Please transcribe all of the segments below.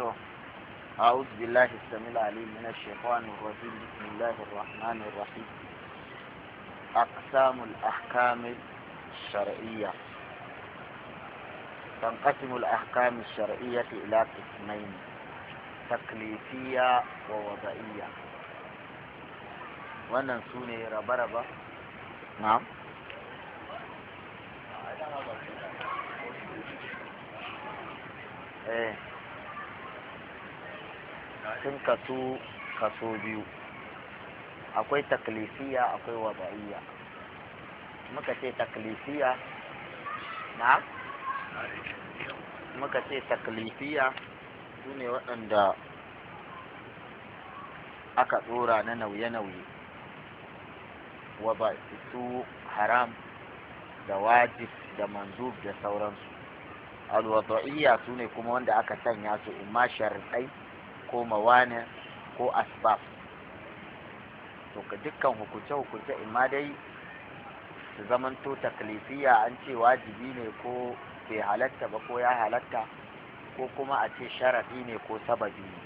وبركاته أعوذ بالله السميع العليم من الشيطان الرجيم بسم الله الرحمن الرحيم أقسام الأحكام الشرعية تنقسم الأحكام الشرعية إلى قسمين تكليفية ووضعية wannan su ne raba-raba na'am eh sun kasu kaso biyu akwai taklifiya akwai wada'iyya muka ce taklifiya na muka ce taklifiya su ne waɗanda aka tsora na nauye-nauye wa ba su haram da wajib da manzub da sauransu alwada'iyya su ne kuma wanda aka sanya su ma sharɗai ko mawani ko asbab to ka dukkan hukunce-hukunce imma dai su zamanto taklifiya an ce wajibi ne ko bai halatta ba ko ya halatta ko kuma a ce sharaɗi ne ko sababi ne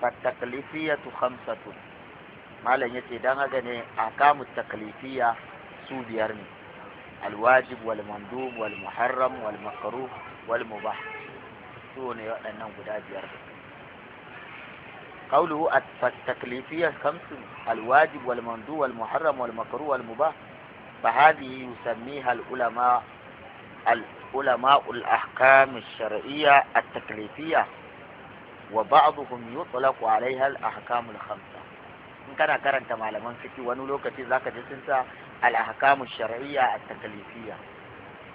fattaklifiya khamsatun malam yace dan haka ne akamu taklifiya su biyar ne alwajib wal mandub wal muharram wal makruh wal mubah su ne waɗannan guda biyar قوله التكليفية الخمس الواجب والمندوب والمحرم والمكروه والمباح فهذه يسميها العلماء العلماء الأحكام الشرعية التكليفية وبعضهم يطلق عليها الأحكام الخمسة إن كان كرنت معلمان فيكي ونولوك في ذاك جسنسا الأحكام الشرعية التكليفية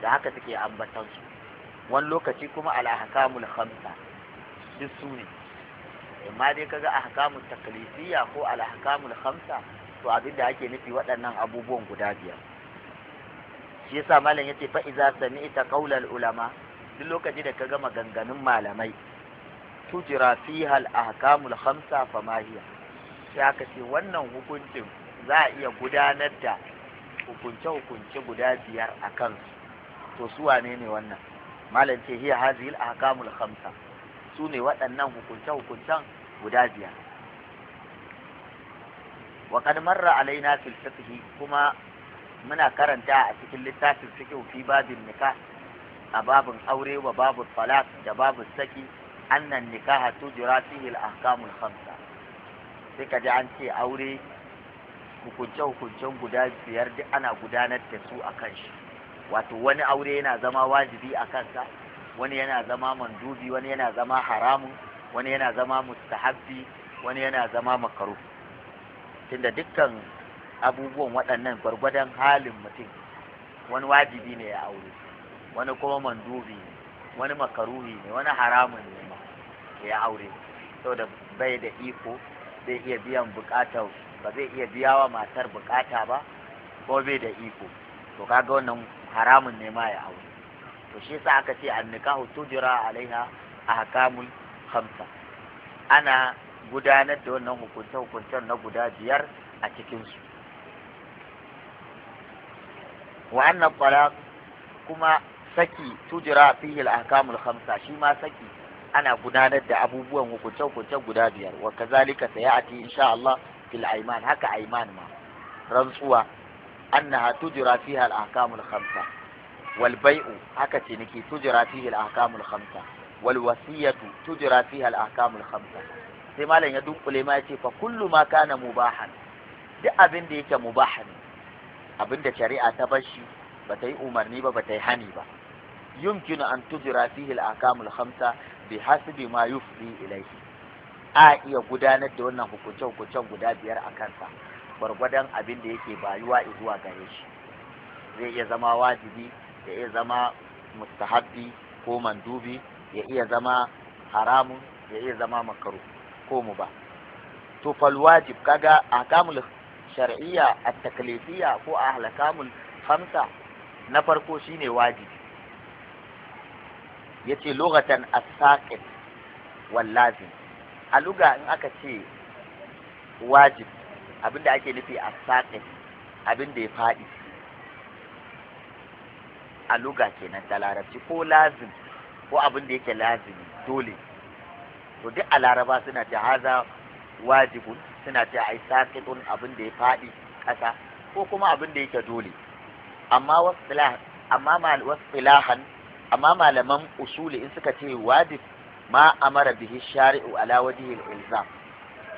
ذاك تكي suke ambatansu فيكم الأحكام الخمسة al'ahkamul amma dai kaga hakamu taklifiya ko al ahkamul khamsa to abinda ake nufi waɗannan abubuwan guda biyar shi yasa malam yace fa iza sami'ta qaulal ulama duk lokacin da kaga maganganun malamai tujira fiha al ahkamul khamsa fa ma hiya sai aka ce wannan hukuncin za a iya gudanar da hukunce-hukunce guda biyar a to su wane ne wannan malam ce hiya hazihil ahkamul khamsa su ne waɗannan hukunce-hukuncen guda biyar wa kad marra alaina fil kuma muna karanta a cikin littafin fiqh fi babin nikah a babin aure wa babu talaq da babu saki annan nikaha tujra fihi al ahkamul khamsa sai an ce aure hukunce-hukuncen guda biyar duk ana gudanar da su a kan shi wato wani aure yana zama wajibi a kansa wani yana zama mandubi wani yana zama haramun wani yana zama mustahabbi wani yana zama makaru tunda dukkan abubuwan waɗannan gwargwadon halin mutum wani wajibi ne ya aure wani kuma mandubi ne wani makaruhi ne wani haramun ne ma ya aure saboda bai da iko zai iya biyan bukata ba zai iya biya wa matar bukata ba ko bai da iko to kaga wannan haramun ne ma ya aure to shi yasa aka ce annikahu tujra alaiha ahkamul khamsa ana gudanar da wannan hukunce hukuncen na guda biyar a cikin su wa anna talaq kuma saki tujra fihi al-ahkamul khamsa shi ma saki ana gudanar da abubuwan hukunce hukuncen guda biyar wa kazalika sayati insha Allah fil aiman haka aiman ma rantsuwa annaha tujra fiha al-ahkamul khamsa Walbai'u, haka ce nake tujra fihi al khamsa wal wasiyatu tujra fihi al khamsa sai malam ya dunkule ma yace fa kullu ma kana mubahan duk abin da yake mubahan abin da shari'a ta bar shi bata yi umarni ba bata yi hani ba yumkinu an tujra fihi al ahkamul khamsa bi hasbi ma yufdi ilayhi a iya gudanar da wannan hukunce-hukuncen guda biyar a kansa gwargwadon abinda da yake bayuwa zuwa gare shi zai iya zama wajibi ya iya zama mustahabbi ko mandubi ya iya zama haramun ya iya zama makaru ko mu ba to fal wajib kaga ahkamul shar'iyya a taklifiyya ko a ahlakamul khamsa na farko shine wajibi yace ce as-saqit wal lazim a luga in aka ce wajib abinda ake nufi a saket abinda ya fadi a luga kenan ta larabci ko lazim ko abin da yake lazimi dole to duk a laraba suna ce haza wajibun suna ce ai sakitun abin da ya faɗi ƙasa ko kuma abin da yake dole amma amma malaman usuli in suka ce wajib ma amara bihi shari'u ala wajhi al-ilzam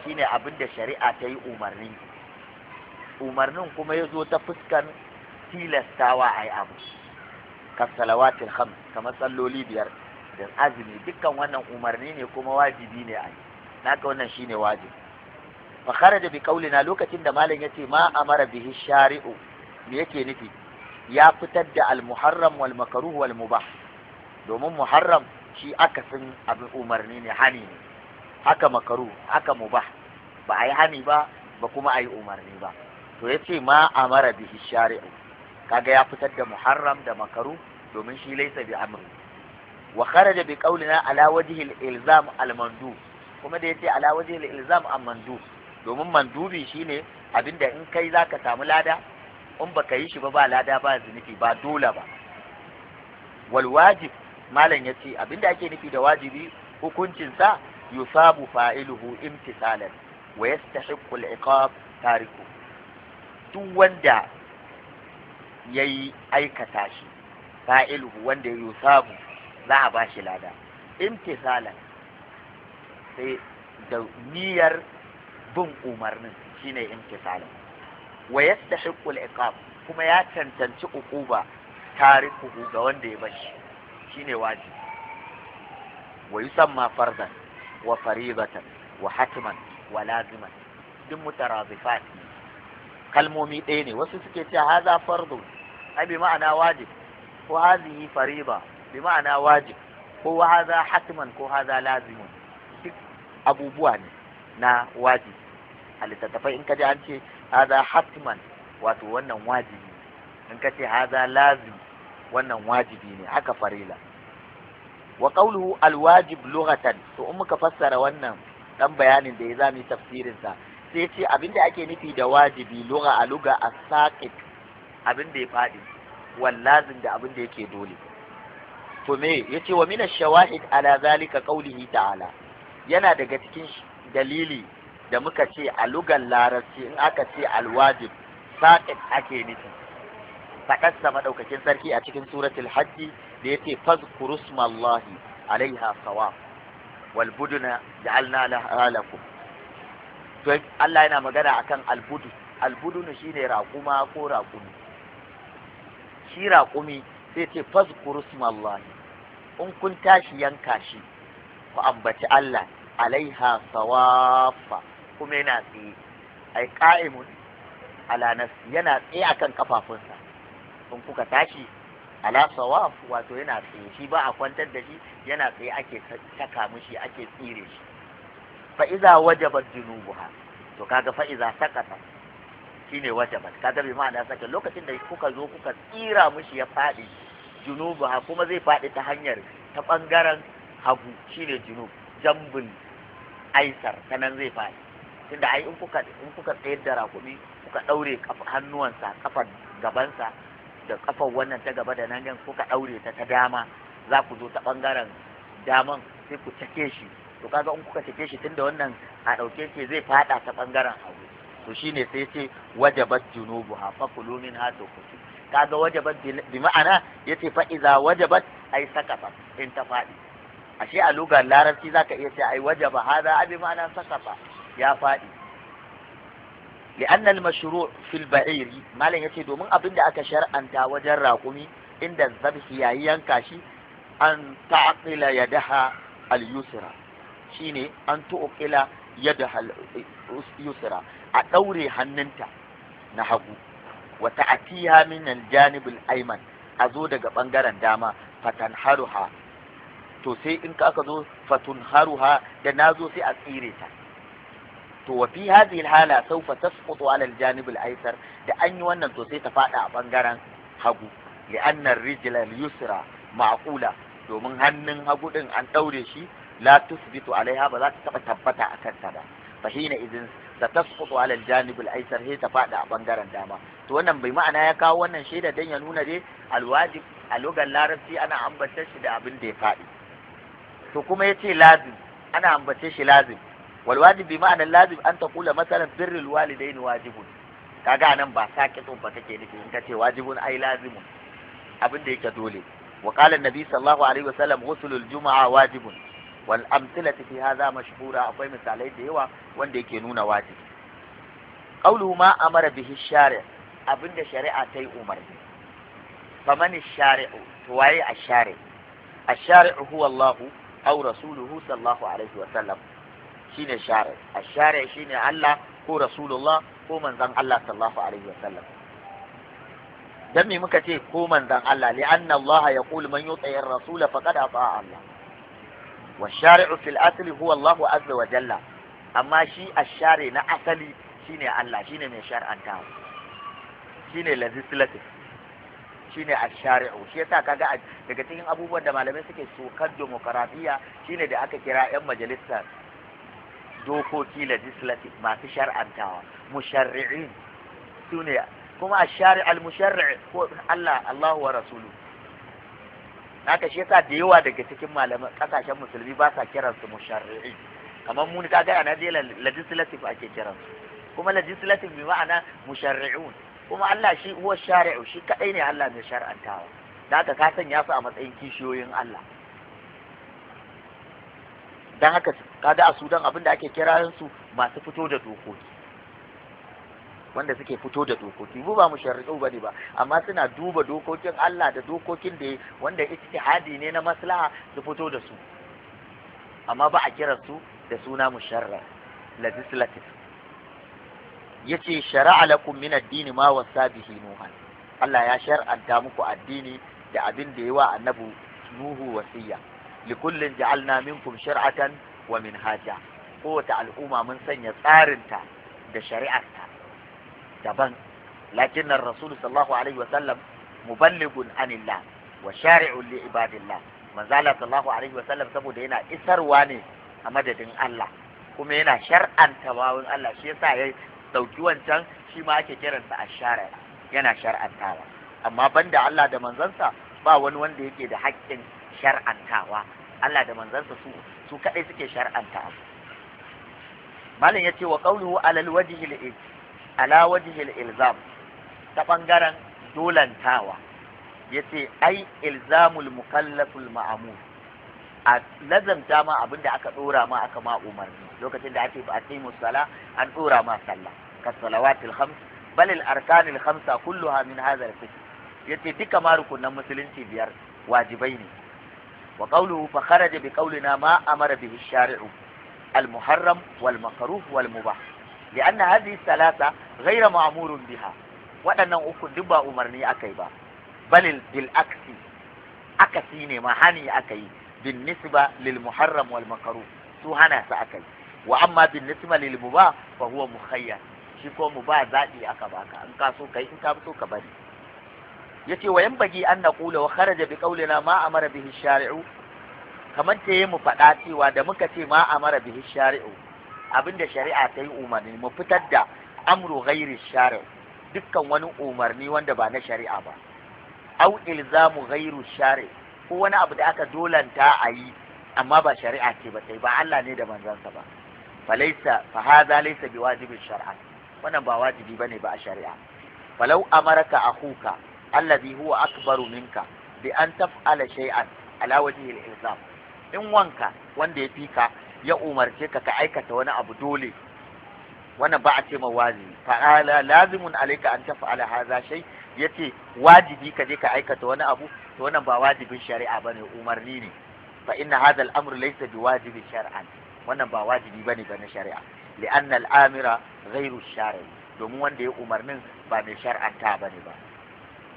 shine abin da shari'a ta yi umarni umarnin kuma ya zo ta fuskan tilastawa a yi abu kasalawati kham kamar salloli biyar da azumi dukkan wannan umarni ne kuma wajibi ne a naka wannan shine wajibi fa kharaja bi qaulina lokacin da malam yace ma amara bihi shari'u me yake nufi ya fitar da al muharram wal makruh wal mubah domin muharram shi aka san abin umarni ne hani ne haka makaru haka mubah ba a yi hani ba ba kuma a yi umarni ba to yace ma amara bihi shari'u kaga ya fitar da muharram da makaru domin shi laisa bi amri wa kharaja bi qawlina ala wajhi al-ilzam al-mandu kuma da yace ala wajhi al-ilzam al-mandu domin mandubi shine abinda in kai zaka samu lada in baka yi shi ba ba lada ba zunubi ba dole ba wal wajib malam yace abinda ake nufi da wajibi hukuncin sa yusabu fa'iluhu imtisalan wa yastahiqqu al-iqab tariku duk wanda ya yi aikata shi fa'iluhu wanda ya samu za a ba shi lada imtisalan sai da niyyar bin umarnin shine imtisalan wa yastahiqqu al-iqab kuma ya cancanci uquba tarikuhu ga wanda ya bashi shine wajibi wa yusamma fardan wa faribatan wa hatman wa laziman duk mutarazifat kalmomi ɗaya ne wasu suke cewa haza fardu ai bi واجب wajib ko بمعنى واجب هو هذا wajib ko هذا لازم ko بوان نا واجب abubuwa ne na wajibi a littattafai in ka ji an ce hadha hatman wato wannan wajibi in ka ce hadha lazim wannan wajibi ne haka farila wa alwajib lughatan to in muka fassara wannan dan bayanin da ya zami tafsirin sa sai ce abinda ake nufi da wajibi lugha a lugha as-saqit abin da ya faɗi wallazin da abin da yake dole to me yace wa min ash-shawahid ala zalika qawlihi ta'ala yana daga cikin dalili da muka ce a lugan larabci in aka ce alwajib saqit ake nufi faɗarsa maɗaukakin sarki a cikin suratul hajji da yace fazkuru smallahi alaiha sawa wal buduna ja'alna laha lakum to Allah yana magana akan albudu albudu shine raƙuma ko raƙumi shi raƙumi sai ce fazkuru smallahi in kun tashi yanka shi ku ambaci Allah alaiha sawafa kuma yana tsaye ai ka'imun ala nafsi yana tsaye akan kafafunsa in kuka tashi ala sawaf wato yana tsaye shi ba a kwantar da shi yana tsaye ake saka mishi ake tsire shi fa iza wajaba junubuha to kaga fa iza sakata shine wajabat kaga bi ma'ana saka lokacin da kuka zo kuka tsira mushi ya faɗi junubu ha kuma zai faɗi ta hanyar ta ɓangaren hagu shine junub jambul aisar ta nan zai faɗi tunda ai in kuka tsayar da rakumi kuka ɗaure hannuwansa kafar gabansa da kafar wannan ta gaba da nan yan kuka ɗaure ta ta dama za ku zo ta ɓangaren daman sai ku cake shi to kaga in kuka cake shi tunda wannan a ɗauke ce zai faɗa ta ɓangaren hagu to shine sai ce wajabat junubuha fa kulu minha tukutu kaga wajabat bi ma'ana yace fa wajabat ay sakata in ta fadi ashe a lugar larabci zaka iya ce ai wajaba hada abi ma'ana sakata ya fadi لأن المشروع في البعير ما لن يتي دومن أبن دا أكا شرعا وجر راقمي عند الذبح يايان كاشي أن تعقل يدها اليسرى شيني أن تؤقل يدها اليسرى a ɗaure hannunta na hagu wata atiha min aljanibul ayman a zo daga ɓangaren dama fatan haruha to sai in ka aka zo fatun haruha da na zo sai a tsire ta to wa fi hadhihi alhala sawfa tasqutu ala aljanib alaysar da an yi wannan to sai ta fada a ɓangaren hagu li anna ar al-yusra ma'qula domin hannun hagu din an ɗaure shi la tusbitu alaiha ba za ta taɓa tabbata a kanta ba fa hina idan satasqutu ala aljanib alaysar he ta fada a bangaren dama wannan bai ma'ana ya kawo wannan shaida dan ya nuna dai alwajib a lugar larabci ana ambace shi da abin da ya fadi to kuma yace lazim ana ambace shi lazim wal wajib bi ma'ana lazim an taqula masalan birrul walidain wajibun kaga nan ba saqitun ba take nufi in kace wajibun ai lazimun abin da yake dole wa qala annabi sallallahu alaihi wasallam ghuslul juma'a wajibun wal amsilati fi hadha mashhura akwai misalai da yawa wanda yake nuna wajibi qawlu ma amara bihi shari' abinda shari'a ta yi umarni faman shari'u to waye ashari ashari'u huwa Allah aw rasuluhu sallallahu alaihi wa sallam shine shari ashari shine Allah ko rasulullah ko manzon Allah sallallahu alaihi wa sallam dan me muka ce ko manzan Allah li anna Allah yaqul man yuti ar Allah wa shari'u fil asli huwa Allahu azza wa jalla amma shi ashare na asali shine Allah shine mai shar'anta shine shine ashari'u shi yasa kaga daga cikin abubuwan da malamai suke sokar demokradiya shine da aka kira yan majalisar dokoki legislative masu shar'antawa musharri'in sune kuma al-musharri' ko Allah Allahu wa rasuluhu haka shi yasa da yawa daga cikin malaman kasashen musulmi ba sa kiran su musharri'i kamar mu kaga a Najeriya legislative ake kiran su kuma legislative bi ma'ana musharri'un kuma Allah shi huwa shari'u shi kadai ne Allah mai shar'antawa da haka ka sanya su a matsayin kishiyoyin Allah dan haka kaga a Sudan abin da ake kiran su masu fito da dokoki wanda suke fito da dokoki mu ba mu sharri'u bane ba amma suna duba dokokin Allah da dokokin da wanda ijtihadi ne na maslaha su fito da su amma ba a kiran su da suna mu legislative yace shara'a lakum min ad-din ma wasa bihi nuhan Allah ya shar'anta muku addini da abin da yawa annabi nuhu wasiya likullin ja'alna minkum shir'atan wa minhaja kowace al'umma mun sanya tsarinta da shari'arta daban lakin rasul sallallahu alaihi wasallam muballighun anillah wa shari'un li ibadillah manzala sallallahu alaihi wasallam saboda yana isarwa ne a madadin Allah kuma yana shar'anta bawon Allah shi yasa ya dauki wancan shi ma ake kiransa ashara yana shar'antawa amma banda Allah da manzansa ba wani wanda yake da haƙƙin shar'antawa Allah da manzansa su su kadai suke shar'anta abu malam yace wa qawluhu alal wajhi ala wajhil ilzam ta ɓangaren dolantawa yace ai ilzamul mukallaful ma'mur a lazamta ma abin da aka ɗora ma aka ma umarni lokacin da ake ba sala an ɗora ma sallah ka salawatil khams bal al arkanil khamsa kulluha min hadha al fiqh yace duka ma rukunan musulunci biyar wajibai ne wa qawluhu fa kharaja bi qawlina ma amara bihi shari'u al muharram wal makruh wal mubah لأن هذه الثلاثة غير مأمور بها وأنا أكون دبا أمرني أكيبا بل بالعكس أكسيني ما هني أكي بالنسبة للمحرم والمكروه سوهنا سأكي وأما بالنسبة للمباح فهو مخير shi ko mu ba zaɓi aka baka in ka so kai in ka so ka bari yace wa yanbaghi an naqula wa kharaja bi qawlina ma amara shari'u kamar mu faɗa cewa da muka ce ma amara bihin shari'u abinda shari'a ta yi umarni mu fitar da amru ghairi shari dukkan wani umarni wanda ba na shari'a ba au ilzamu ghairu shari ko wani abu da aka dolanta a yi amma ba shari'a ce ba sai ba Allah ne da manzansa ba falaisa fa hadha laysa biwajibin shar'a wannan ba wajibi bane ba a shari'a falau amaraka akhuka alladhi huwa akbaru minka bi an taf'ala shay'an ala wajhi al-ilzam in wanka wanda ya fika ya umarce ka ka aikata wani abu dole wannan ba a ce ma wajibi fa lazimun alayka an taf'ala hadha shay yace wajibi ka je ka aikata wani abu to wannan ba wajibin shari'a bane umarni ne fa inna hadha al-amr laysa biwajibi shar'an wannan ba wajibi bane ga na shari'a li'anna al-amira ghayru shari'i domin wanda ya umarnin ba mai shar'anta bane ba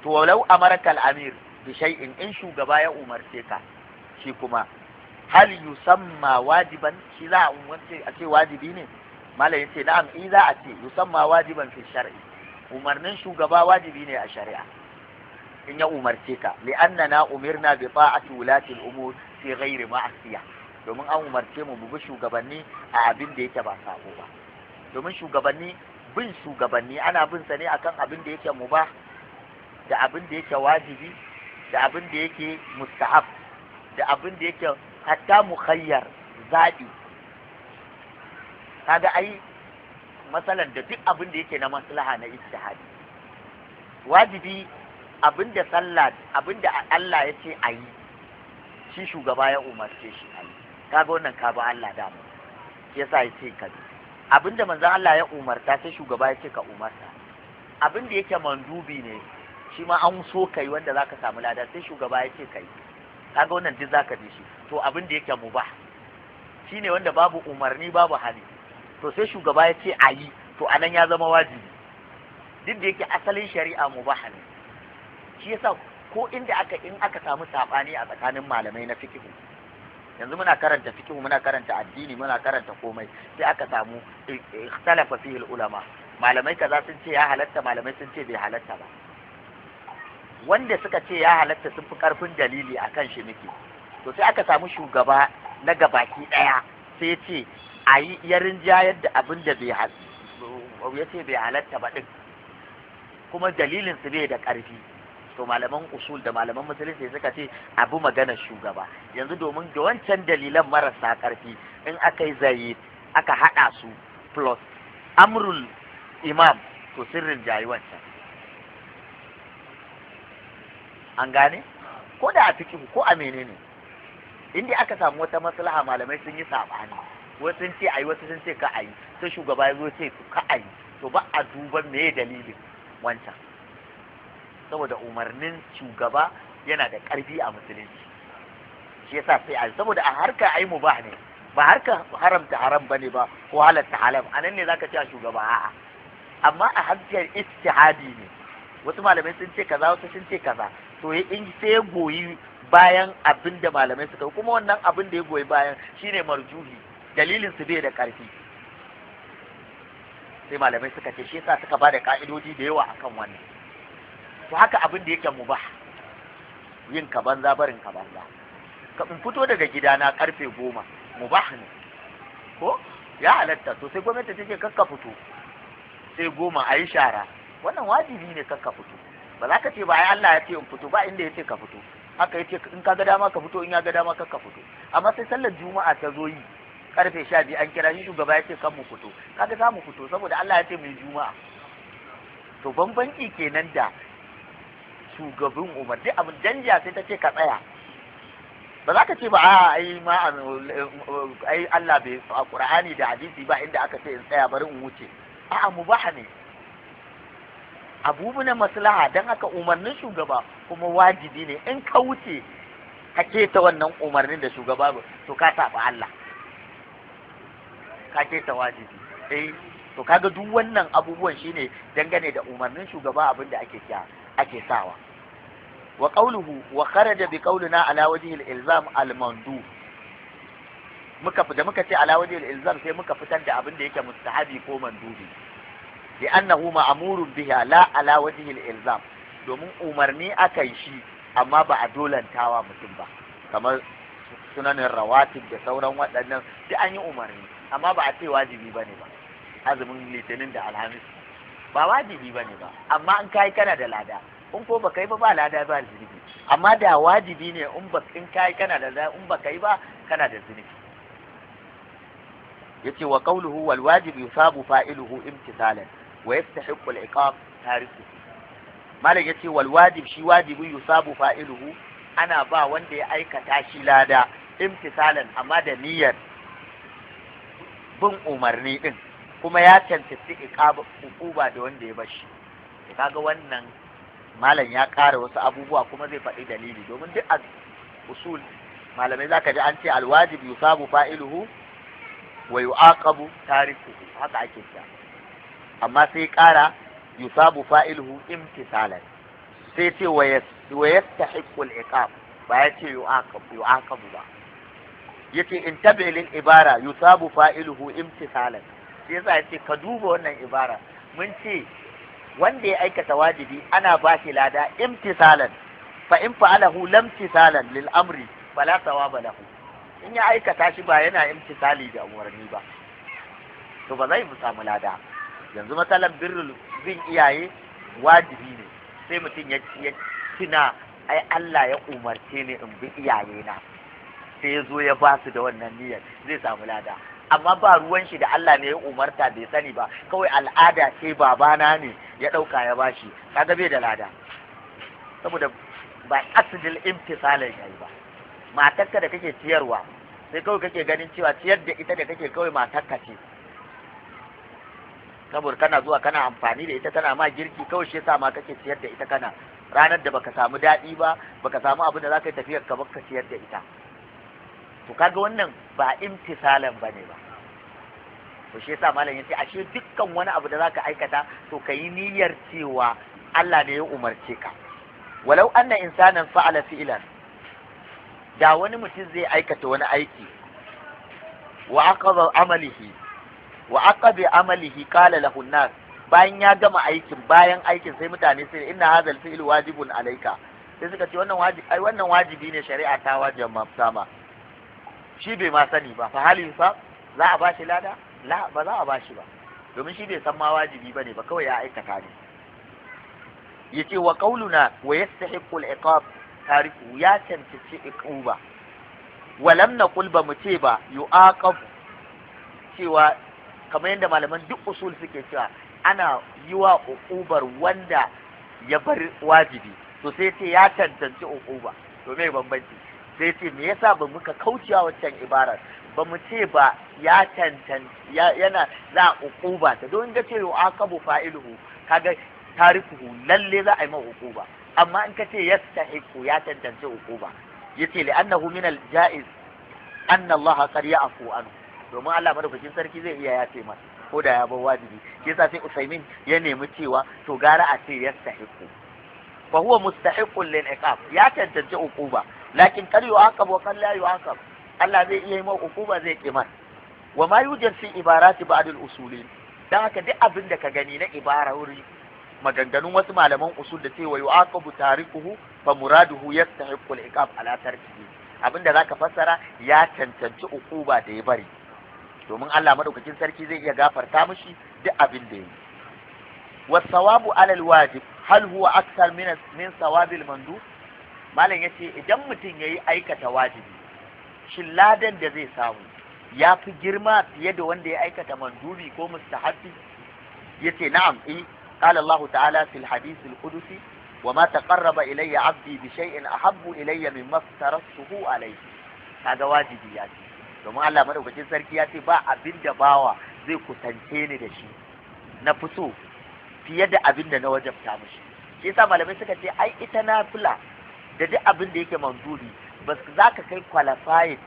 to walau amaraka al-amir bi shay'in in shugaba ya umarce ka shi kuma hal yusamma wajiban shi za a wance a ce wajibi ne malam ce na'am in eh, za a ce yusamma wajiban fi shar'i umarnin shugaba wajibi ne a shari'a in ya umarce ka li'annana umirna bi ta'ati umu sai umur fi ghairi ma'asiya domin an umarce mu bi shugabanni a abin da yake ba sako ba domin shugabanni bin shugabanni ana bin sa ne akan abin da yake mu ba da abin da yake wajibi da abin da yake mustahab da abin da yake hatta mukhayyar zaɓi kaga ai matsalar da duk abin da yake na maslaha na ijtihadi wajibi abin da sallah abin da Allah ya ce a yi shi shugaba ya umarce shi ayi kaga wannan ka ba Allah da mu yasa ya ce ka abin da manzon Allah ya umarta sai shugaba ya ce ka umarta abin da yake mandubi ne shi ma an so kai wanda zaka samu lada sai shugaba ya ce kai kaga wannan duk zaka bi shi to abin da yake mubah shine wanda babu umarni babu hali to sai shugaba ya ce a yi to anan ya zama wajibi duk da yake asalin shari'a mubah ne shi yasa ko inda aka in aka samu sabani a tsakanin malamai na fikihu yanzu muna karanta fikihu muna karanta addini muna karanta komai sai aka samu ikhtalafa fihi ulama malamai kaza sun ce ya halatta malamai sun ce bai halatta ba wanda suka ce ya halatta sun fi karfin dalili akan shi muke to sai aka samu shugaba na gabaki daya sai ya ce a yi ya rinjayar da abin da bai ya ce bai halatta ba din kuma dalilin su bai da ƙarfi to malaman usul da malaman musulunci suka ce abu magana shugaba yanzu domin da wancan dalilan marasa ƙarfi in aka yi zaye aka haɗa su plus amrul imam to sirrin jayi wancan an gane ko da a fikihu ko a menene inda aka samu wata maslaha malamai sun yi sabani wasu sun ce ayi wasu sun ce ka ayi sai shugaba ya zo ce ka ayi to ba a duba me dalilin wancan saboda umarnin shugaba yana da ƙarfi a musulunci shi yasa sai a saboda a harka ayi mu ba ne ba harka haramta haram bane ba ko halatta halam anan ne zaka ce a shugaba a'a amma a harkar istihadi ne wasu malamai sun ce kaza wasu sun ce kaza to in sai goyi bayan abin da malamai suka kuma wannan abin da ya goyi bayan shine marjuhi dalilin su bai da ƙarfi. sai malamai suka ce shi yasa suka bada ka'idoji da yawa akan wannan to haka abin da yake mubah yin ka banza barin ka banza ka in fito daga gidana karfe goma mubah ne ko ya halatta to sai gwamnati take kakka fito sai goma a yi shara wannan wajibi ne kakka fito ba za ka ce ba ai Allah ya ce in fito ba inda ya ce ka fito haka yace in ka ga dama ka fito in ya ga dama ka fito amma sai sallar juma'a ta zo yi karfe sha biyu an kira shi shugaba ya ce kan mu fito kaga za mu fito saboda Allah ya ce yi juma'a to bambanci kenan da shugabin umar duk abin danja sai ta ce ka tsaya ba za ka ce ba a ai ma ai Allah bai a Qur'ani da hadisi ba inda aka ce in tsaya bari in wuce a'a mubaha ne abubu na maslaha don haka umarnin shugaba kuma wajibi ne in ka wuce ka keta wannan umarnin da shugaba ba, to ka saba Allah ka keta wajibi eh to kaga duk wannan abubuwan shine dangane da umarnin shugaba abin da ake kya ake sawa wa qawluhu wa kharaja bi qawlina ala wajhi al-ilzam al-mandu muka da muka ce ala wajhi al-ilzam sai muka fitar da abin da yake mustahabi ko mandubi li annahu ma'murun biha la ala wajhi ilzam domin umarni aka yi shi amma ba a dolantawa mutum ba kamar sunanin rawatib da sauran waɗannan duk an yi umarni amma ba a ce wajibi ba ne ba azumin litinin da alhamis ba wajibi ba ne ba amma in kai kana da lada in ko baka yi ba ba lada ba zunubi amma da wajibi ne in ba in kai kana da lada in baka yi ba kana da zunubi yace wa qawluhu wal wajib yusabu fa'iluhu imtisalan wa yastahiqqu ya iqab tariku malik yace wal wajib shi wajibi yusabu fa'iluhu ana ba wanda ya aikata shi lada imtisalan amma da bin umarni din kuma ya cancanci iqaba ukuba da wanda ya bashi kaga wannan malam ya ƙara wasu abubuwa kuma zai faɗi dalili domin duk a usul malamai zaka ji an ce alwajib yusabu fa'iluhu wa yu'aqabu tarikuhu haka ake cewa amma sai ƙara yusabu fa'iluhu imtisalan sai ce wa yastahiqqu al-iqab ba ya ce yu'aqabu ba yace intabi lil ibara yusabu fa'iluhu imtisalan sai yasa yace ka duba wannan ibara mun ce wanda ya aikata wajibi ana ba shi lada imtisalan fa in fa'alahu lam tisalan lil amri fala thawaba lahu in ya aikata shi ba yana imtisali da umarni ba to ba zai samu lada yanzu matsalan birrul zin iyaye wajibi ne sai mutum ya tuna ai Allah ya umarce ni in bi iyaye na sai ya zo ya ba su da wannan niyyar zai samu lada amma ba ruwan shi da Allah ne ya umarta bai sani ba kawai al'ada ce babana ne ya ɗauka ya bashi kaga bai da lada saboda ba asidil imtisalin yayi ba matarka da kake ciyarwa sai kawai kake ganin cewa ciyar da ita da kake kawai matarka ce saboda kana zuwa kana amfani da ita tana ma girki kawai shi yasa ma kake siyar da ita kana ranar da baka samu daɗi ba baka samu abin da zaka yi tafiyar ka baka siyar da ita to kaga wannan ba imtisalan bane ba to shi yasa malam yace ashe dukkan wani abu da zaka aikata to kayi niyyar cewa Allah ne ya umarce ka walau anna insanan fa'ala fi'lan da wani mutum zai aikata wani aiki wa aqadha amalihi wa aqabi amalihi qala lahu nas bayan ya gama aikin bayan aikin sai mutane sai inna hadha al-fi'lu wajibun alayka sai suka ce wannan wajibi ai wannan wajibi ne shari'a ta wajaba sama shi bai ma sani ba fa halin fa za a bashi lada la ba za a bashi ba domin shi bai san ma wajibi bane ba kawai ya aikata ne yace wa qauluna wa yastahiqqu al-iqab tariku ya cancanci iquba walam naqul ba mu ce ba yu'aqab cewa kamar yadda malaman duk usul suke cewa ana yi wa uqubar wanda ya bar wajibi to sai ce ya tantance uquba to me bambanci sai ce me yasa ba muka kaucewa wancan ibarar ba mu ce ba ya yana za a uquba ta don ga ce yu'aqabu fa'iluhu kaga tarikuhu lalle za a yi mai uquba amma in ka ce yastahiqu ya tantance uquba yace li annahu min al-ja'iz anna Allah qad ya'fu anhu domin Allah madaukakin sarki zai iya yafe masa ko da ya bar wajibi shi yasa sai Usaimin ya nemi cewa to gara a ce yastahiqu fa huwa mustahiqun lil iqab ya tantance uquba lakin kar yu'aqab wa kan la yu'aqab Allah zai iya yi ma uquba zai kimar wa ma yujad fi ibarati ba'd al usulin dan haka duk abin da ka gani na ibara wuri maganganun wasu malaman usul da cewa yu'aqabu tarikuhu fa muraduhu yastahiqu al iqab ala tarkihi abinda zaka fassara ya cancanci uquba da ya bari domin Allah madaukakin sarki zai iya gafarta mishi duk abin da yi wasawabu alal wajib hal huwa akthar min min sawabil mandub malam yace idan mutum yayi aikata wajibi shin ladan da zai samu ya fi girma fiye da wanda ya aikata mandubi ko mustahabbi yace na'am eh قال الله تعالى في الحديث القدسي وما تقرب إلي عبدي بشيء أحب إلي مما افترضته عليه هذا واجبي يعني domin Allah madaukakin sarki ya ce ba abin da bawa zai kusance ni da shi na fito fiye da abin da na wajabta mishi shi yasa malamai suka ce ai ita na fula da duk abin da yake manzuri ba za ka kai qualified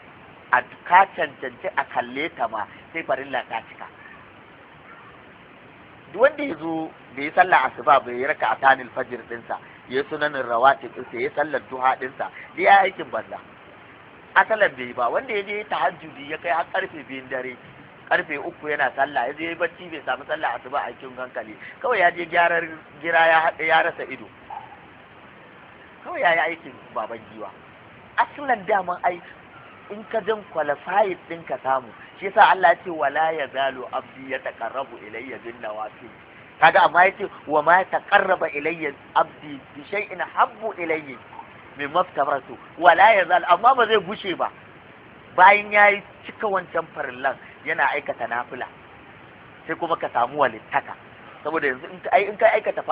a ka cancanci a kalle ta ma sai farin ta cika duk wanda ya zo da ya sallah asuba bai yi raka atanil fajir dinsa ya sunanin rawatib dinsa ya sallar duha dinsa ya aikin banza asalar bai ba wanda ya je tahajjudi ya kai har karfe biyun dare karfe uku yana sallah ya je bacci bai samu sallah tuba a cikin hankali kawai ya je gyarar gira ya haɗa ya rasa ido kawai ya yi aikin baban giwa asalan daman ai in ka jan kwalifayit ɗin ka samu shi yasa Allah ya ce wala ya zalo abdi ya taqarrabu ilayya bin nawafil kaga amma yace wa ma taqarraba ilayya abdi bi shay'in habbu ilayya min maftaratu wala yazal amma ba zai gushe ba bayan ya yi cika wancan farillan yana aikata nafila sai kuma ka samu walittaka saboda yanzu in ka aikata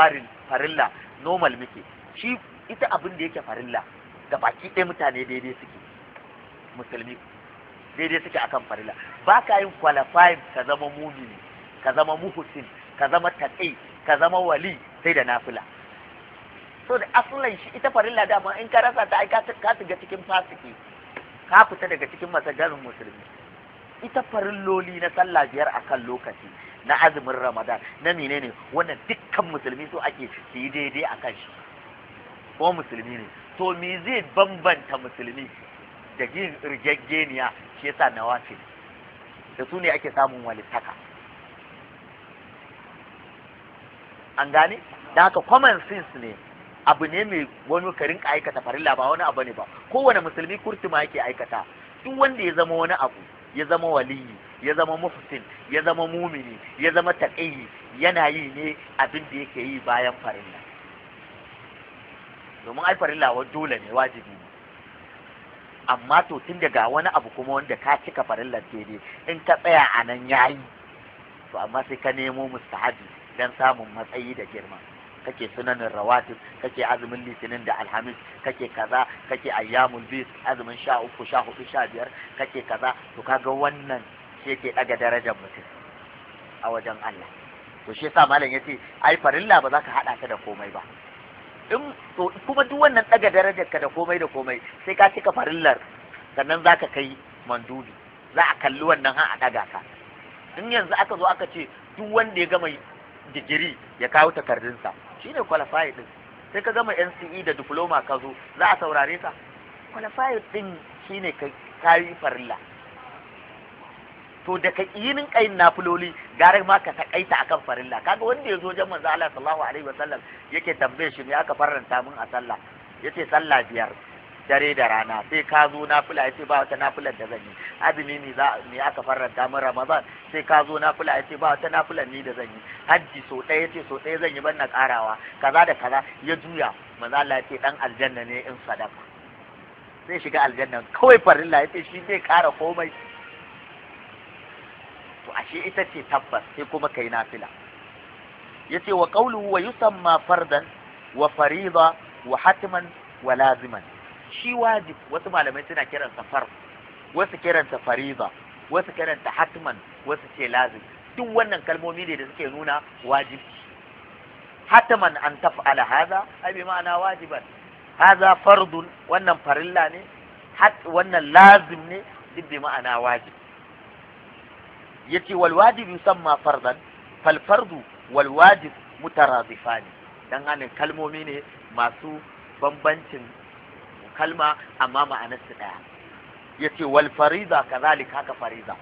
farilla normal muke shi ita abin da yake farilla ga baki ɗaya mutane daidai suke musulmi daidai suke akan farilla ba ka yin qualifying ka zama mumini ka zama muhusin ka zama taqi ka zama wali sai da nafila so da asulan shi ita farilla dama in ka rasa ta ai ka shiga cikin fasiki ka fita daga cikin masagarin musulmi ita farilloli na sallah biyar akan lokaci na azumin ramadan na menene wannan dukkan musulmi so ake su yi daidai a kan shi ko musulmi ne to me zai bambanta musulmi da yin rigaggeniya shi yasa nawafil da su ne ake samun walittaka an gane da haka common sense ne abu ne mai wani karin aikata farilla ba wani abu ne ba kowane musulmi kurtuma yake aikata duk wanda ya zama wani abu ya zama waliyi ya zama muhsin ya zama mumini ya zama taqiyi yana yi ne abin da yake yi bayan farilla domin ai farilla wa dole ne wajibi ne amma to tun daga wani abu kuma wanda ka cika farillar daidai in ka tsaya a nan yayi to amma sai ka nemo mustahabi dan samun matsayi da girma kake sunanin rawatib kake azumin litinin da alhamis kake kaza kake ayyamul bis azumin sha uku sha hudu sha biyar kake kaza to kaga wannan shi yake daga darajar mutum a wajen Allah to shi yasa malam yace ai farilla ba za ka hada ta da komai ba in to kuma duk wannan daga darajar ka da komai da komai sai ka cika farillar sannan za ka kai mandubi za a kalli wannan ha a daga ka in yanzu aka zo aka ce duk wanda ya gama digiri ya kawo takardunsa shi ne qualified din sai ka gama NCE da diploma ka zo za a saurare ka qualified din ne ka kayi farilla to da ka yinin kayin nafiloli gare ma ka takaita akan farilla kaga wanda ya zo wajen manzo Allah sallallahu alaihi wasallam yake tambaye shi me aka faranta min a sallah yace sallah biyar dare da rana sai ka zo ya ce ba wata nafilar da zan yi azumi ne za ne aka faranta min ramadan sai ka zo ya ce ba wata nafilar ni da zan yi hajji so ɗaya ce so ɗaya zan yi ban na karawa kaza da kaza ya juya manzo Allah ce dan aljanna ne in sadaka zai shiga aljanna kawai farilla ce shi zai kara komai to ashe ita ce tabbas sai kuma kai nafila ce wa qawluhu wa yusamma fardan wa fariba wa hatiman wa laziman shi wajib wasu malamai suna kiransa far wasu ta fariza wasu ta hatman wasu ce lazim duk wannan kalmomi ne da suke nuna wajibi hatman an taf'ala hadha ai bi ma'ana wajiban hadha fardun wannan farilla ne hat wannan lazim ne duk bi ma'ana wajib yace wal wajib yusamma fardan fal fardu wal wajib mutaradifani dan kalmomi ne masu bambancin kalma amma ma'anar ɗaya. daya yace wal farida kazalik haka farida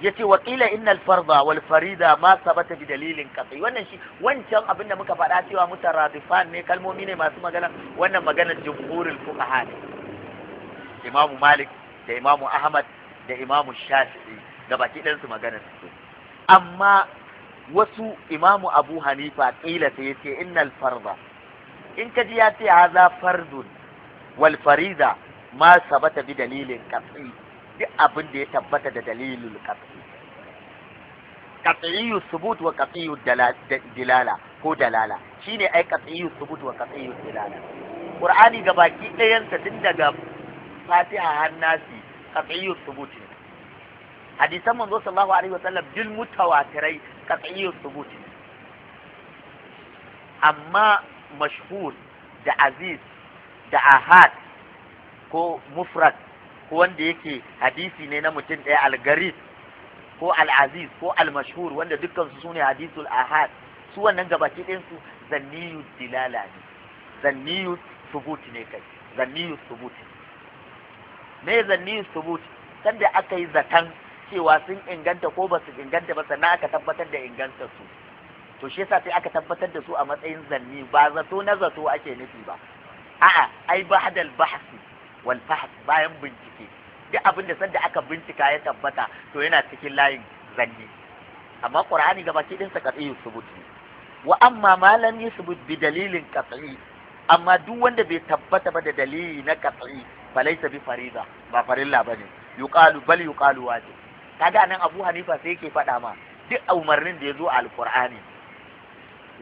yace wa qila innal farza wal farida ma sabata bi dalilin qat'i wannan shi wancan abinda muka faɗa cewa mutaradifan ne kalmomi ne masu magana wannan magana jumhurul fuqaha ne imamu malik da imamu ahmad da imamu shafi'i da baki ɗansu maganar su amma wasu imamu abu hanifa ƙila sai yace innal farza. in ka ji ya ce haza fardun wal fariza ma sabata bi dalilin qat'i duk abin da ya tabbata da dalilin qat'i qat'iyu subut wa qat'iyu dilala ko dalala shine ai qat'iyu subut wa qat'iyu dilala qur'ani ga baki ɗayan sa tun daga fatiha har nasi qat'iyu subut ne hadisan manzo sallallahu alaihi sallam dil mutawatirai qat'iyu subut ne amma mashhur da aziz da ahad ko mufrad ko wanda yake hadisi ne na mutum ɗaya algarit ko al'aziz ko al-mashhur wanda dukkansu su ne hadisul ahad su wannan gabaki ɗinsu zanniyu dilala ne zanniyu subuti ne kai zanniyu subuti me zanniyu subuti sanda aka yi zaton cewa sun inganta ko ba su inganta ba sannan aka tabbatar da ingantar su to shi yasa sai aka tabbatar da su a matsayin zanni ba zato na zato ake nufi ba a'a ai ba'dal bahsi wal fahs bayan bincike duk abin da sanda aka bincika ya tabbata to yana cikin layin zanni amma qur'ani gaba ki din sa qat'i subuti wa amma ma lam yusbut bi dalilin qat'i amma duk wanda bai tabbata ba da dalili na qat'i falaisa bi farida ba farilla bane yuqalu bal yuqalu wajib kaga nan Abu Hanifa sai yake faɗa ma duk umarnin da ya zo a alqur'ani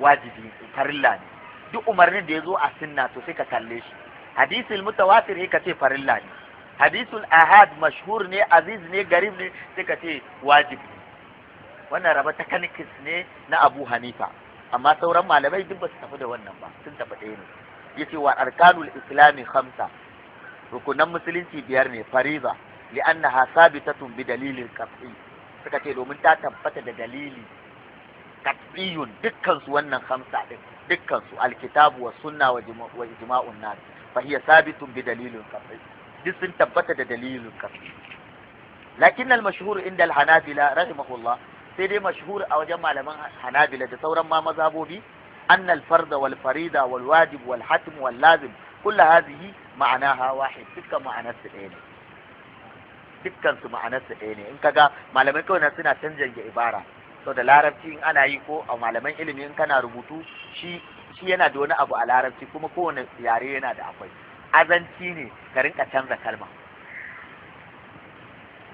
wajibi farilla ne duk umarnin da ya zo a sunna to sai ka kalle shi hadisul mutawatir ka ce farilla ne hadisul ahad mashhur ne aziz ne garib ne sai ka ce wajibi wannan raba ta ne na abu hanifa amma sauran malamai duk ba su tafi da wannan ba sun tafi ɗaya ne yace wa arkanul islami khamsa rukunan musulunci biyar ne fariza li'annaha sabitatun bi dalilin qat'i suka ce domin ta tabbata da dalili qat'iyun dukkan su wannan khamsa din dukkan su alkitabu wa sunna wa ijma'un nas fa hiya sabitun bi dalilin qat'i duk sun tabbata da dalilin qat'i lakin al mashhur inda al hanabila rahimahullah sai dai mashhur a wajen malaman hanabila da sauran ma mazhabobi wal الفرد والفريضة والواجب والحتم واللازم كل هذه معناها واحد تلك معنى dukkan su ma'anarsu ɗaya ne in kaga malamai kawai suna canjin ibara so da larabci in ana yi ko a malaman ilimi in kana rubutu shi shi yana da wani abu a larabci kuma kowane yare yana da akwai azanci ne ka rinka canza kalma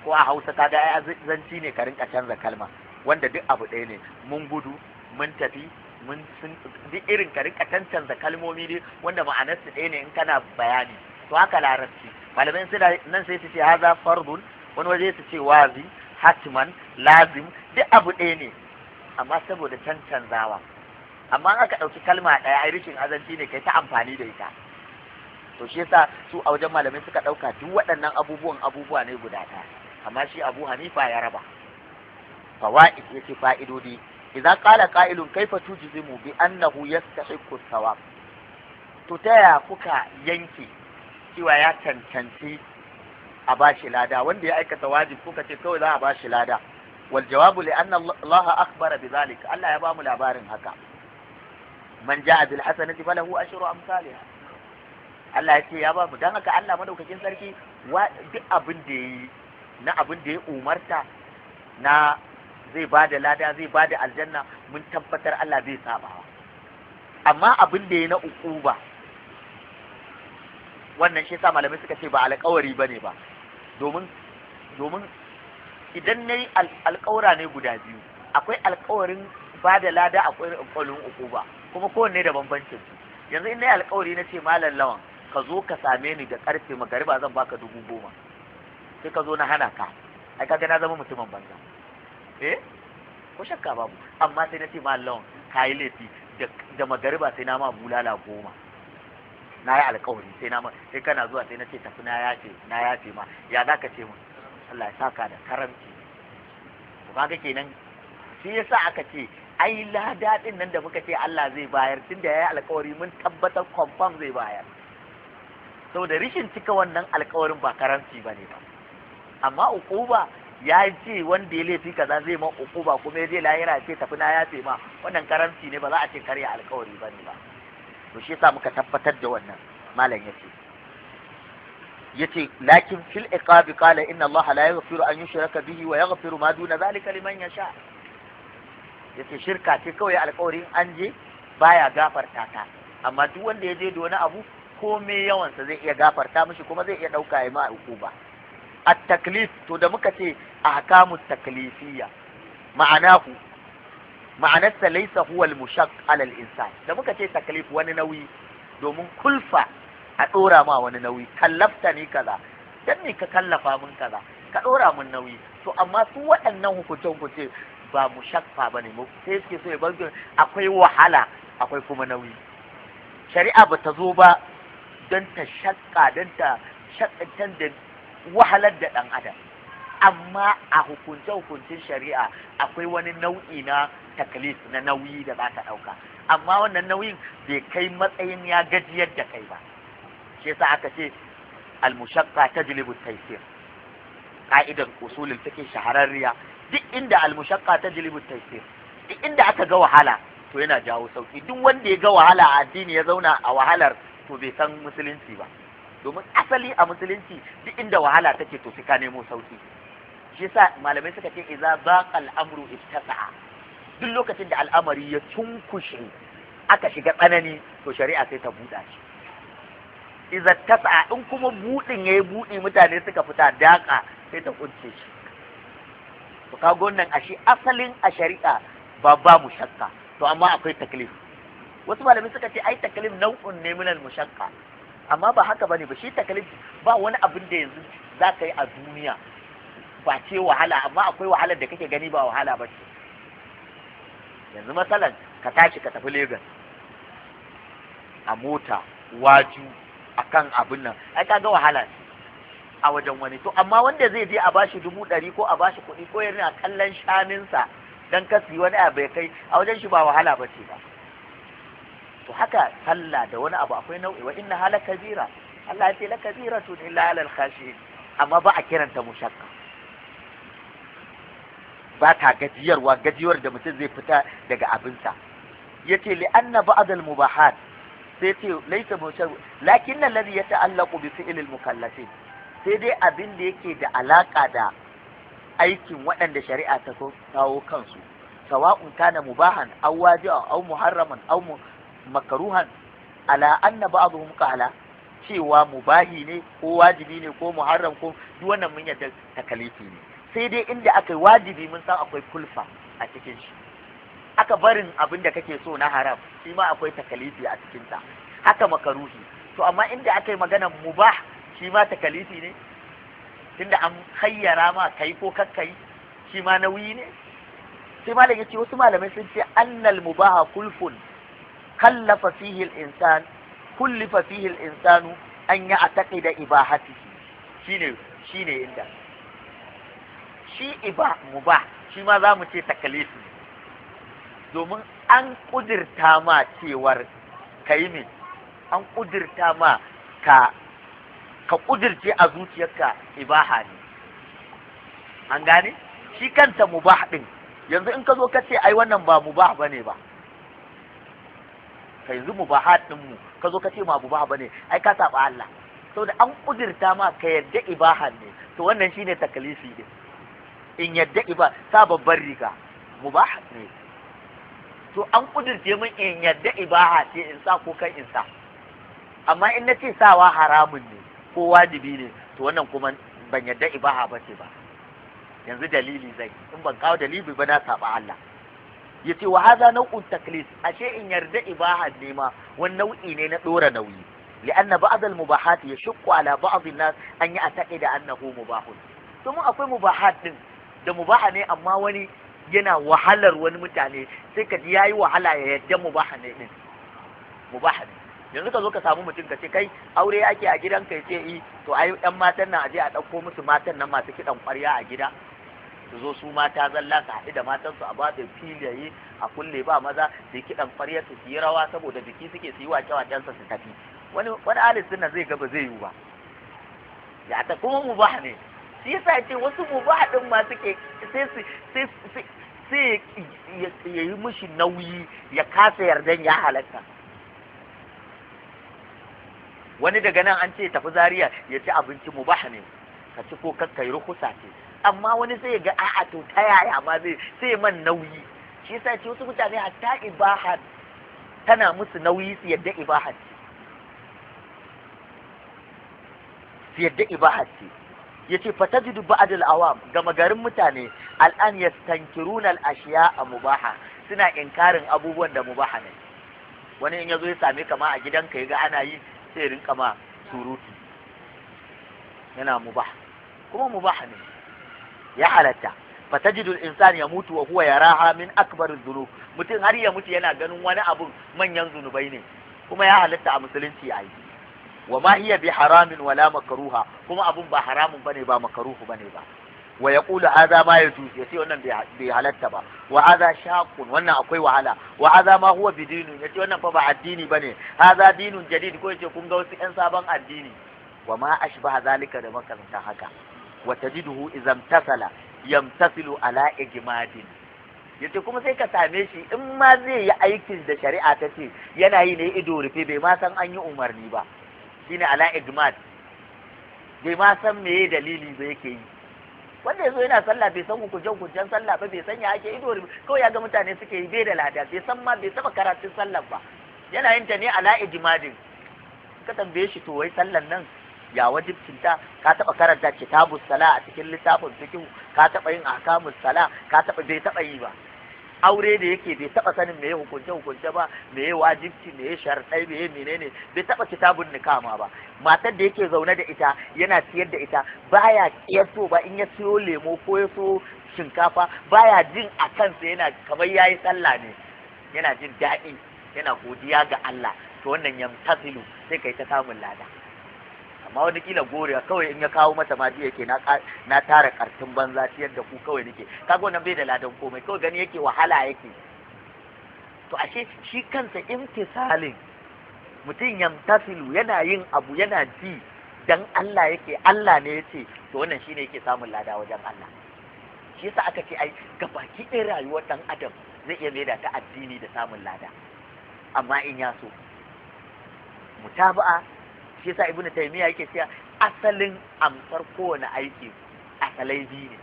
ko a hausa kaga ai azanci ne ka rinka canza kalma wanda duk abu ɗaya ne mun gudu mun tafi mun sun duk irin ka rinka canza kalmomi ne wanda su ɗaya ne in kana bayani to haka larabci malamai suna nan sai su ce haza fardun wani waje su ce wazi hatman lazim duk abu ɗaya ne amma saboda zawa, amma aka ɗauki kalma ɗaya ai rikin azanci ne kai ta amfani da ita to shi yasa su a wajen malamai suka ɗauka duk waɗannan abubuwan abubuwa ne guda ɗaya amma shi Abu Hanifa ya raba fawaid yake fa'idodi idza qala qa'ilun kaifa tujzimu bi annahu yastahiqqu thawab to taya kuka yanke cewa ya cancanci a bashi lada wanda ya aikata wajib kuka ce kawai za a ba shi lada wal jawabu li anna Allah akhbara Allah ya bamu labarin haka man ja'a bil hasanati falahu ashru amsalha Allah ya ce ya bamu dan haka Allah madaukakin sarki duk abin da yayi na abin ya umarta na zai ba da lada zai ba da aljanna mun tabbatar Allah zai sabawa amma abin da ya na ukuba wannan shi sa malamai suka ce ba alƙawari ne ba domin domin idan na yi alƙawura ne guda biyu akwai alƙawarin ba da lada akwai uku ba. kuma kowanne da bambancin su yanzu in na yi alkawari na ce malam lawan ka zo ka same ni da ƙarfe magariba zan baka dubu goma sai ka zo na hana ka ai kaga na zama mutumin banza eh ko shakka babu amma sai na ce malam lawan ka yi laifi da magariba sai na ma bulala goma na yi alkawari sai na ma sai kana zuwa sai na ce tafi na yafe na yafe ma ya za ka ce mun Allah ya saka da karanci to kaga kenan shi yasa aka ce ai lada din nan da muka ce Allah zai bayar tunda yayi alƙawari mun tabbatar confirm zai bayar saboda rishin cika wannan alƙawarin ba karanci bane ba amma ukuba ya ce wanda ya laifi kaza zai ma ukuba kuma ya je lahira ce tafi na ya ma wannan karanci ne ba za a ce karya alkawari bane ba to shi yasa muka tabbatar da wannan malam yace yace lakin fil iqab qala inna Allah la yaghfiru an yushraka bihi wa yaghfiru ma duna zalika liman yasha yace shirka ce kawai alƙawarin an je baya gafarta ta amma duk wanda ya je da wani abu komai yawansa zai iya gafarta mishi kuma zai iya ɗauka ya ma hukuma at taklif to da muka ce ahkamu taklifiyya ma'anahu ma'anarsa laysa huwa al-mushaq ala al-insan da muka ce taklif wani nauyi domin kulfa a ɗora ma wani nauyi kallafta ne kaza dan ne ka kallafa min kaza ka ɗora mun nauyi to amma su waɗannan hukunce hukunce ba mu shakfa ba ne mu sai suke so ya banzo akwai wahala akwai kuma nauyi shari'a ba ta zo ba don ta shakka don ta shakka da wahalar da ɗan adam amma a hukunce hukuncin shari'a akwai wani nau'i na taklis na nauyi da za ka ɗauka amma wannan nauyin bai kai matsayin ya gajiyar da kai ba shi yasa aka ce al tajlibu at-taysir ka'idar usulul fiqh shahararriya duk inda al tajlibu at-taysir duk inda aka ga wahala to yana jawo sauki duk wanda ya ga wahala a addini ya zauna a wahalar to bai san musulunci ba domin asali a musulunci duk inda wahala take to sai ka nemo sauki shi yasa malamai suka ce idza baqa al-amru ittasa'a duk lokacin da al'amari ya cunkushe aka shiga tsanani to shari'a sai ta buɗa shi iza tasa in kuma buɗin ya yi buɗi mutane suka fita daƙa sai ta kunce shi to ka kaga wannan shi asalin a shari'a ba ba mu shakka to amma akwai taklif wasu malamai suka ce ai taklif nau'un ne minal mushakka amma ba haka bane ba shi taklif ba wani abin da yanzu za ka yi a duniya ba ce wahala amma akwai wahalar da kake gani ba wahala ba ce yanzu matsalar ka tashi ka tafi Legas a mota waju akan abin nan ai kaga wahala a wajen wani to amma wanda zai je a bashi dubu ɗari ko a bashi kuɗi ko yana kallon shanunsa dan kasi wani abu ya kai a wajen shi ba wahala ba ce ba to haka sallah da wani abu akwai nau'i wa inna hala kabira Allah ya ce la kabira illa alal khashin amma ba a kiranta mushakka ba ta gajiyarwa gajiyar da mutum zai fita daga abinsa yace li anna ba'd al mubahat sai ce laisa musharru lakin nan ladhi yata'allaqu bi fi'lil mukallafin sai dai abin da yake da alaka da aikin waɗanda shari'a ta kawo kansu sawa'un kana mubahan aw waji'an aw muharraman aw makruhan ala anna ba'dhum qala cewa mubahi ne ko wajibi ne ko muharram ko duk wannan mun yadda takalifi ne sai dai inda akai wajibi mun san akwai kulfa a cikin shi Aka barin abin da kake so na haram shi ma akwai takalifi a ta haka makaruhi to amma inda aka yi maganan mubah shi ma takalifi ne tunda an hayyara ma kai ko kakkai shi ma nauyi ne sai malam yace wasu malamai sun ce annal mubaha kulfun kallafa fihi al-insan kullifa fihi al-insanu an ya ataqida ibahatihi shine shine inda shi iba mubah shi ma zamu ce takalifi domin an kudirta ma cewar ka yi min an kudirta ma ka ka kudirce a zuciyarka ibaha ne an gane shi kanta mubah din yanzu in ka zo ka ce ai wannan ba mubah bane ba ka yanzu mubahat din mu ka zo ka ce ma mubah bane ai ka saba Allah saboda an kudirta ma ka yadda ibaha ne to wannan shine takalifi din in yadda iba sa babbar riga mubah ne to an kudirce min in yadda ibaha ce in sa ko kan in sa amma in na ce sawa haramun ne ko wajibi ne to wannan kuma ban yadda ibaha ba ce ba yanzu dalili zai in ban kawo dalili ba na saba Allah yace wa haza nau'un taklis ashe in yarda ibaha ne ma wani nau'i ne na dora nauyi li'anna ba'd al-mubahat yashqu ala ba'd an-nas an ya'taqida annahu mubahun mun akwai mubahat din da mubaha ne amma wani yana wahalar wani mutane sai ka ji yayi wahala ya yadda mubaha ne din mubaha ne yanzu ka zo ka samu mutum ka ce kai aure ake a gidan ka ce i eh, to ai yan matan na aje a ɗauko musu matan nan masu kiɗan ƙwarya a gida su zo su mata zalla ka haɗu da matan su a ba da filaye a kulle ba maza su yi kiɗan ƙwarya su yi rawa saboda biki suke su yi wake wakensa su tafi wani wani alis zai gaba zai yiwu ba ya ta kuma mu ne shi yasa ce wasu mubaha din ma suke sai su sai ya yi mishi nauyi ya kasa yardan ya halatta wani daga nan an ce tafi Zariya ya ci abinci mubah ne ka ci ko kakkai rukusa ce amma wani sai ya ga a'a to ta yaya ma zai sai man nauyi shi yasa ce wasu mutane hatta ibaha tana musu nauyi su yadda ibaha ce su yadda ibaha ce yace fatajidu ba'd al-awam gama garin mutane al'an yastankiruna al a mubaha suna inkarin abubuwan da mubaha ne wani in yazo ya same ka a gidanka yaga ana yi sai rinka ma surutu yana Mubaha. kuma Mubaha ne ya halatta fatajidul insani ya mutu wa huwa yaraha min akbar zunub mutum har ya mutu yana ganin wani abun manyan zunubai ne kuma ya halatta a musulunci a wa ma hiya bi haramin wala makruha kuma abun ba haramun bane ba makruhu bane ba wa yaqulu hadha ma yajuz yace wannan bai halatta ba wa hadha shaqun wannan akwai wahala wa hadha ma huwa bidinun yace wannan fa ba addini bane hadha dinun jadid ko yace kun ga wasu ɗan sabon addini wa ma ashbaha zalika da makaranta haka wa tajiduhu idan tasala yamtasilu ala ijmadin yace kuma sai ka same shi in ma zai yi aikin da shari'a ta ce yana yi ne ido rufe bai ma san an yi umarni ba shine ala igmat bai ma san meye dalili ba yake yi wanda yazo yana sallah bai san hukuncin hukuncin sallah ba bai san ya ake ido kawai ya ga mutane suke yi bai da lada bai san ma bai taba karatun sallah ba yana yin ta ne ala igmadin ka tambaye shi to wai sallan nan ya wajibcinta ka taba karanta kitabus sala a cikin littafin fiqh ka taba yin ahkamus sala ka taba bai taba yi ba aure da yake bai taba sanin ya hukunce hukunce ba ya wajibci meye sharɗai ya menene bai taba kitabun nikama ba matar da yake zaune da ita yana siyar da ita baya kiyarto ba in ya siyo lemo ko ya so shinkafa baya jin a kansa yana kamar yayi sallah ne yana jin daɗi yana godiya ga Allah to wannan yamtasilu sai kai ta samun lada amma wani kila gore kawai in ya kawo mata ma jiya ke na tara kartin banza ciyar da ku kawai nake kaga wannan bai da ladan komai kawai gani yake wahala yake to ashe shi kansa imtisalin mutum yamtasilu yana yin abu yana ji dan Allah yake Allah ne yace to wannan shine yake samun lada wajen Allah shi yasa aka ce ai gabaki ɗaya rayuwar dan adam zai iya maida ta addini da samun lada amma in ya so mutaba'a shi yasa ibnu taymiya yake cewa asalin amsar kowane aiki asalai biyu ne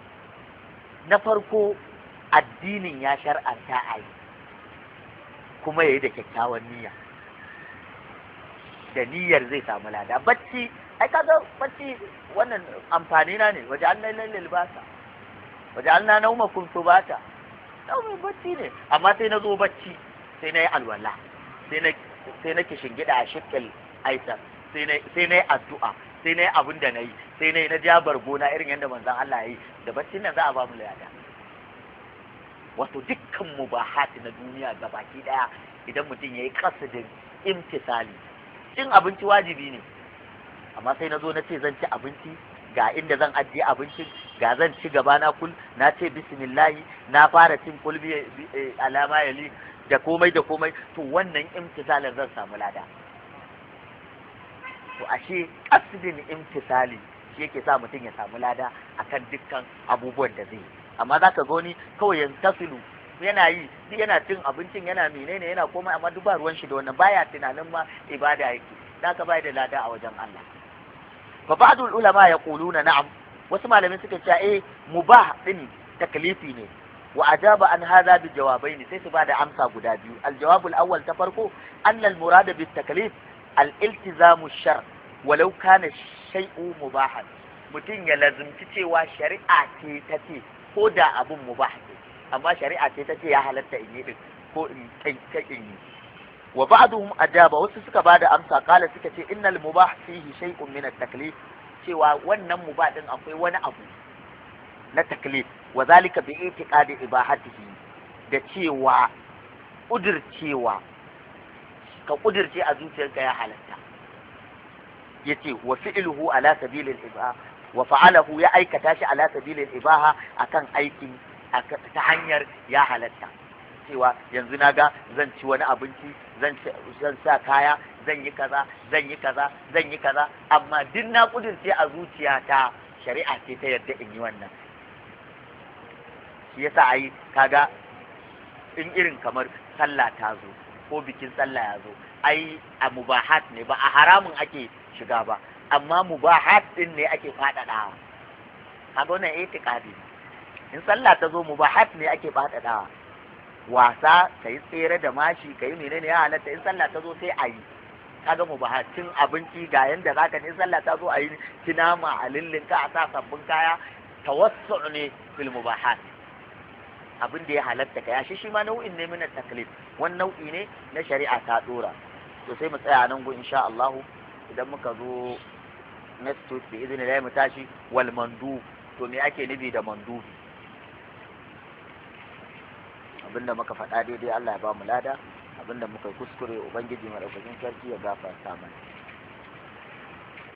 na farko addinin ya shar'anta a yi kuma yayi da kyakkyawan niyya da niyyar zai samu lada bacci ai kaga bacci wannan amfani na ne waje an lailal libasa waje an na nauma kun subata naumin bacci ne amma sai na zo bacci sai na yi alwala sai na sai na kishin gida a shikil aisar sai na yi addu'a sai na yi abin da na yi sai na yi na ja bargona irin yadda manzan Allah ya yi da baccin nan za a ba mu lada wato dukkan hati na duniya ga baki daya idan mutum ya yi kasidin imtisali cin abinci wajibi ne amma sai na zo na ce zan ci abinci ga inda zan ajiye abinci, ga zan ci gaba na kul na ce bismillahi na fara cin kulbi eh, alama yali da komai da komai to wannan imtisalin zan samu lada to ashe qasidin imtisali shi yake sa mutum ya samu lada akan dukkan abubuwan da zai yi amma zaka ga wani kawai ya tasilu yana yi duk yana cin abincin yana menene yana komai amma duk ba ruwan shi da wannan baya tunanin ma ibada yake da ka bai da lada a wajen Allah fa ba'dul ulama yaquluna na'am wasu malamai suka ce eh mubah din taklifi ne wa ajaba an hadha bi jawabaini sai su bada amsa guda biyu al jawabul awwal ta farko anna al murada bit taklif al-iltizamu shar walau kana shay'u mubahan mutum ya lazimci cewa shari'a ce ta ce ko da abin mubah amma shari'a ce ta ce ya halatta in yi ko in kai kai in yi wa ba'dhum ajaba wasu suka bada amsa kala suka ce innal mubah fihi shay'un min at-taklif cewa wannan mubah din akwai wani abu na taklif wa zalika bi itiqadi ibahatihi da cewa kudircewa ka kudirce a zuciyarka ya halatta yace wa fi'luhu ala sabilil ibaha wa fa'alahu ya aikata shi ala sabilil ibaha akan aikin ta hanyar ya halatta cewa yanzu na ga zan ci wani abinci zan sa kaya zan yi kaza zan yi kaza zan yi kaza amma duk na kudirce a zuciyata shari'a ce ta yadda in yi wannan shi yasa ka kaga in irin kamar sallah ta zo ko bikin sallah ya zo ai a mubahat ne ba a haramun ake shiga ba amma mubahat din ne ake faɗaɗawa kaga wannan itikadi in sallah ta zo mubahat ne ake faɗaɗawa wasa kai tsere da mashi kai menene ya halatta in sallah ta zo sai a yi kaga mubahat cin abinci ga yanda zaka ne sallah ta zo a yi kinama a lillinka a sa sabbin kaya tawassu ne fil mubahat abin da ya halatta ka yashi shi ma nau'in ne min taklif wani nau'i ne na shari'a ta dora to sai mu tsaya nan go insha Allah idan muka zo next week bi izini da mu tashi wal mandu to me ake nufi da mandu abinda muka faɗa daidai Allah ya ba mu lada abinda muka kuskure ubangiji madaukakin sarki ya gafarta mana